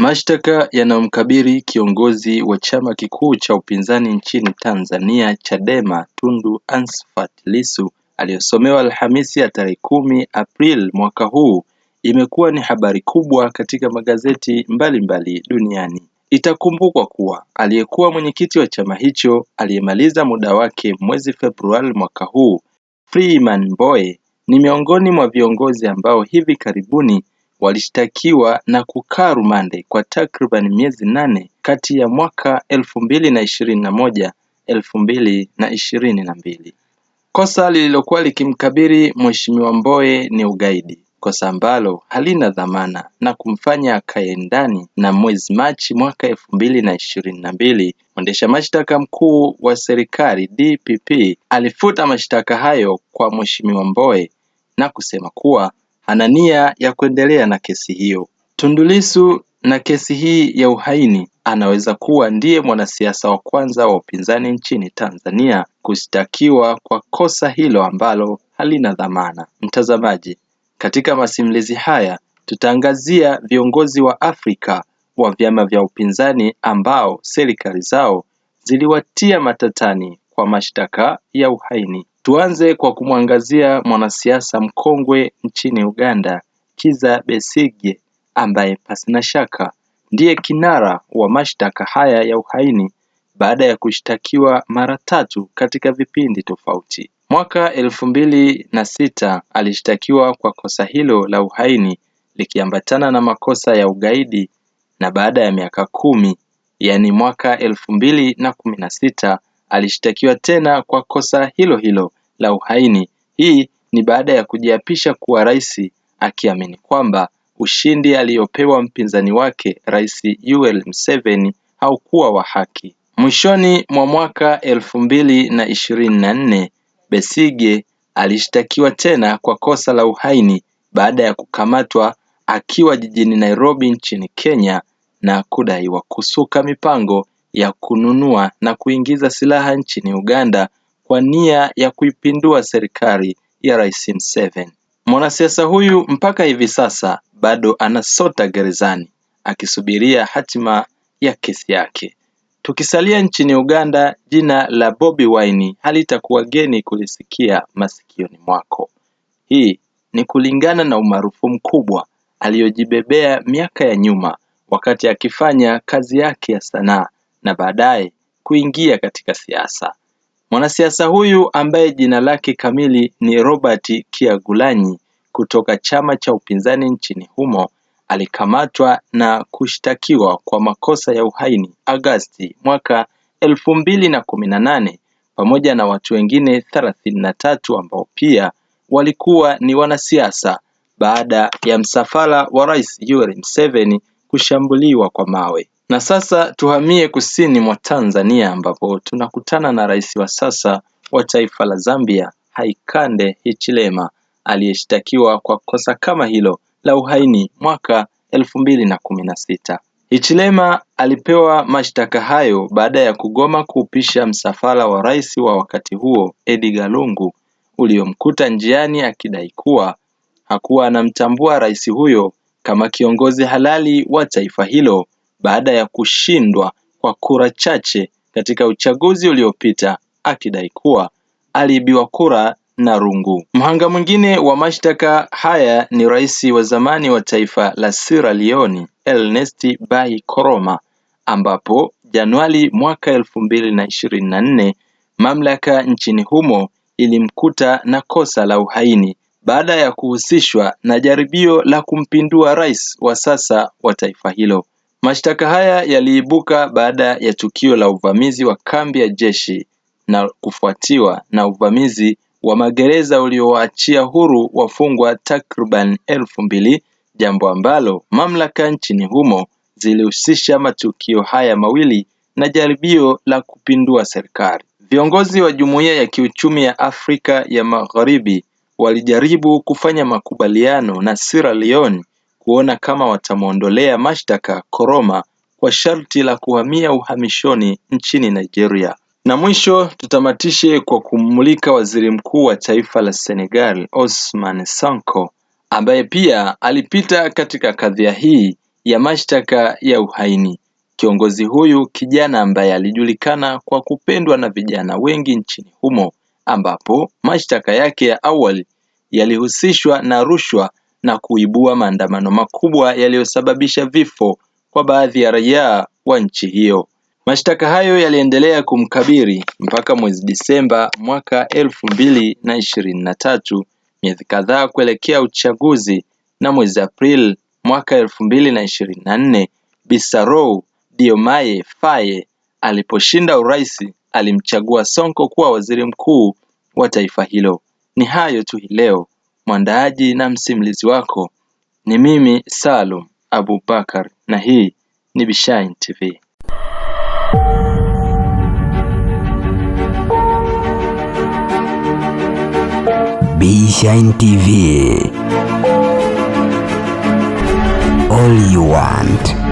Mashtaka yanayomkabili kiongozi wa chama kikuu cha upinzani nchini Tanzania Chadema Tundu Antipas Lissu aliyesomewa Alhamisi ya tarehe kumi Aprili mwaka huu imekuwa ni habari kubwa katika magazeti mbalimbali duniani. Itakumbukwa kuwa aliyekuwa mwenyekiti wa chama hicho aliyemaliza muda wake mwezi Februari mwaka huu, Freeman Mbowe ni miongoni mwa viongozi ambao hivi karibuni walishtakiwa na kukaa rumande kwa takriban miezi nane kati ya mwaka elfu mbili na ishirini na moja elfu mbili na ishirini na mbili. Kosa lililokuwa likimkabiri Mheshimiwa Mbowe ni ugaidi, kosa ambalo halina dhamana na kumfanya akae ndani, na mwezi Machi mwaka elfu mbili na ishirini na mbili mwendesha mashtaka mkuu wa serikali DPP alifuta mashtaka hayo kwa Mheshimiwa Mbowe na kusema kuwa ana nia ya kuendelea na kesi hiyo. Tundu Lissu na kesi hii ya uhaini anaweza kuwa ndiye mwanasiasa wa kwanza wa upinzani nchini Tanzania kushtakiwa kwa kosa hilo ambalo halina dhamana. Mtazamaji, katika masimulizi haya tutaangazia viongozi wa Afrika wa vyama vya upinzani ambao serikali zao ziliwatia matatani kwa mashtaka ya uhaini. Tuanze kwa kumwangazia mwanasiasa mkongwe nchini Uganda, Kizza Besigye ambaye pasina shaka ndiye kinara wa mashtaka haya ya uhaini baada ya kushtakiwa mara tatu katika vipindi tofauti. Mwaka elfu mbili na sita alishtakiwa kwa kosa hilo la uhaini likiambatana na makosa ya ugaidi na baada ya miaka kumi yaani mwaka elfu mbili na kumi na sita Alishtakiwa tena kwa kosa hilo hilo la uhaini. Hii ni baada ya kujiapisha kuwa rais akiamini kwamba ushindi aliyopewa mpinzani wake Rais Yoweri Museveni haukuwa wa haki. Mwishoni mwa mwaka elfu mbili na ishirini na nne Besigye alishtakiwa tena kwa kosa la uhaini baada ya kukamatwa akiwa jijini Nairobi nchini Kenya na kudaiwa kusuka mipango ya kununua na kuingiza silaha nchini Uganda kwa nia ya kuipindua serikali ya Rais Museveni. Mwanasiasa huyu mpaka hivi sasa bado anasota gerezani akisubiria hatima ya kesi yake. Tukisalia nchini Uganda, jina la Bobi Wine halitakuwa geni kulisikia masikioni mwako. Hii ni kulingana na umaarufu mkubwa aliyojibebea miaka ya nyuma wakati akifanya kazi yake ya sanaa na baadaye kuingia katika siasa. Mwanasiasa huyu ambaye jina lake kamili ni Robert kiagulanyi kutoka chama cha upinzani nchini humo alikamatwa na kushtakiwa kwa makosa ya uhaini Agasti mwaka elfu mbili na kumi na nane pamoja na watu wengine thelathini na tatu ambao pia walikuwa ni wanasiasa baada ya msafara wa Rais Yoweri Museveni kushambuliwa kwa mawe. Na sasa tuhamie kusini mwa Tanzania ambapo tunakutana na rais wa sasa wa taifa la Zambia haikande Hichilema aliyeshtakiwa kwa kosa kama hilo la uhaini mwaka elfu mbili na kumi na sita. Hichilema alipewa mashtaka hayo baada ya kugoma kuupisha msafara wa rais wa wakati huo Edgar Lungu uliomkuta njiani akidai kuwa hakuwa anamtambua rais huyo kama kiongozi halali wa taifa hilo baada ya kushindwa kwa kura chache katika uchaguzi uliopita akidai kuwa aliibiwa kura na rungu. Mhanga mwingine wa mashtaka haya ni rais wa zamani wa taifa la Sierra Leone Ernest Bai Koroma, ambapo Januari mwaka elfu mbili na ishirini na nne mamlaka nchini humo ilimkuta na kosa la uhaini baada ya kuhusishwa na jaribio la kumpindua rais wa sasa wa taifa hilo. Mashtaka haya yaliibuka baada ya tukio la uvamizi wa kambi ya jeshi na kufuatiwa na uvamizi wa magereza uliowaachia huru wafungwa takriban elfu mbili, jambo ambalo mamlaka nchini humo zilihusisha matukio haya mawili na jaribio la kupindua serikali. Viongozi wa Jumuiya ya Kiuchumi ya Afrika ya Magharibi walijaribu kufanya makubaliano na Sierra Leone kuona kama watamuondolea mashtaka Koroma kwa sharti la kuhamia uhamishoni nchini Nigeria. Na mwisho tutamatishe kwa kummulika waziri mkuu wa taifa la Senegal Ousmane Sonko ambaye pia alipita katika kadhia hii ya mashtaka ya uhaini. Kiongozi huyu kijana ambaye alijulikana kwa kupendwa na vijana wengi nchini humo ambapo mashtaka yake ya awali yalihusishwa na rushwa na kuibua maandamano makubwa yaliyosababisha vifo kwa baadhi ya raia wa nchi hiyo. Mashtaka hayo yaliendelea kumkabiri mpaka mwezi Disemba mwaka elfu mbili na ishirini na tatu, miezi kadhaa kuelekea uchaguzi, na mwezi Aprili mwaka elfu mbili na ishirini na nne Bisarou Diomaye Faye aliposhinda urais alimchagua Sonko kuwa waziri mkuu wa taifa hilo. Ni hayo tu leo. Mwandaaji na msimulizi wako ni mimi Salum Abubakar na hii ni Bishine TV. Bishine TV. All you want.